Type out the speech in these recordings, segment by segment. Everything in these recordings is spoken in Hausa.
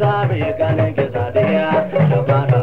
Sabia, ganin ke sadiya, da ba da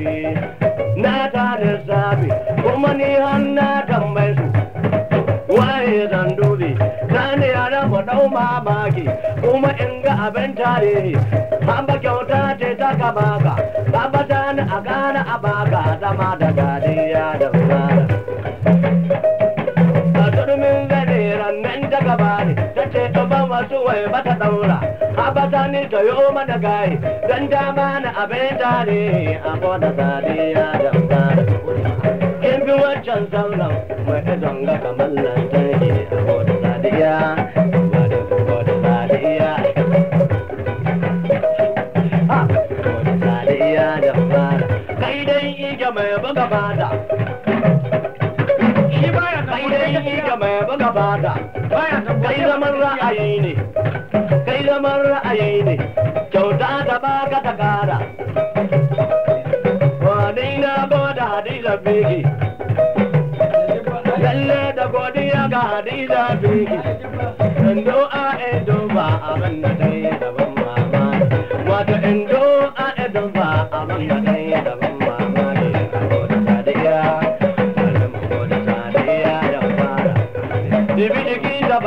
zabe na ta da kuma ni har na su waye zan dube ta ne a nan ba mamaki kuma in ga abin tare an ba kyauta ce ta kamaka, ka tani ta ni a gana a baka zama da gadiya da fara daga bari ta ce to ban wasu wai mata daura bata ni ta yi mana gayi dan da mana abin ne a kona ya da fara in bi wancan zaunan mai da zanga kamar nan ta yi a ya sadiya Kai dai ike mai buga bada gaba gaba da kai zaman ra'ayi ne kai zaman ra'ayi ne kyauta da baka ta kara wani na goda hadiza biki lalle da godiya ga hadiza biki dan do'a e ba abin da kai daban mama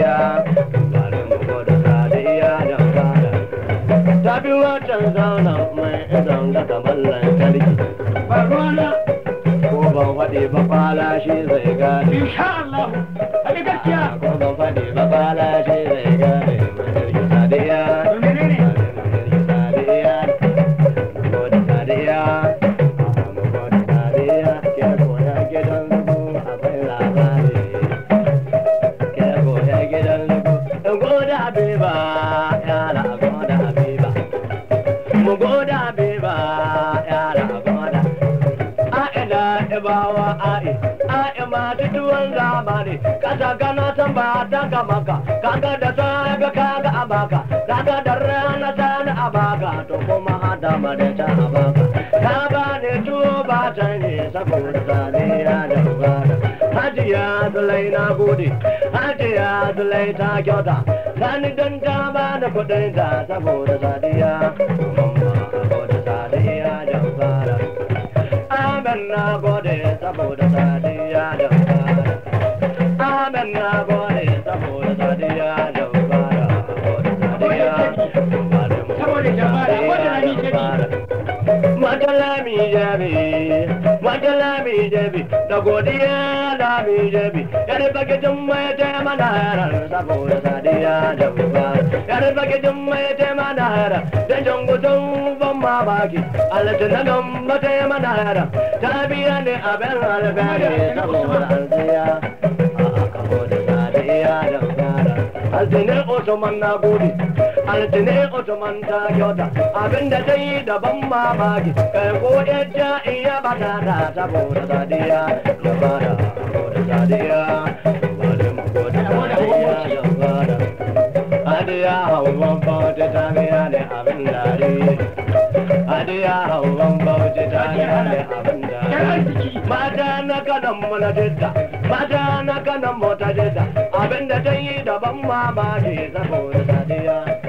sadiya bari mu goda sadiya da fara ta bi watan zauna mai idan ga kamar lantarki barwana ko ban faɗi ba zai gane insha Allah a gaskiya ko ban faɗi ba zai gane goda habiba yala goda habiba mu goda habiba yara goda a ina ibawa a'i a'i ma duwan zamani kasa gana san ba ta kaga da safe kaga abaka kaga da rana ta na abaka to kuma hada ma ta abaka ka ba ne ba ta ne saboda ta ne hajiya na gode hajiya zulai ta kyauta sani don ta ba da kudin ta saboda sadiya saboda sadiya fara amen na gode saboda sadiya fara amen na gode madalla mi jabi madalla mi jabi da godiya da mi jabi yar bagajin mai ta mana harar saboda sadiya da uba yar bagajin mai ta mana harar da jangudun ban ma baki alatina don mata mana harar ta biya ne abin alfahari saboda alziya altine otoman na gode altine otoman ta kyauta abinda ta yi daban mamaki kai ko yadda iya bata ta saboda sadiya da bada saboda sadiya Adiya, I want to tell kanan mana jidda mata na kanan mota jidda abinda ta yi daban mamaki saboda sadiya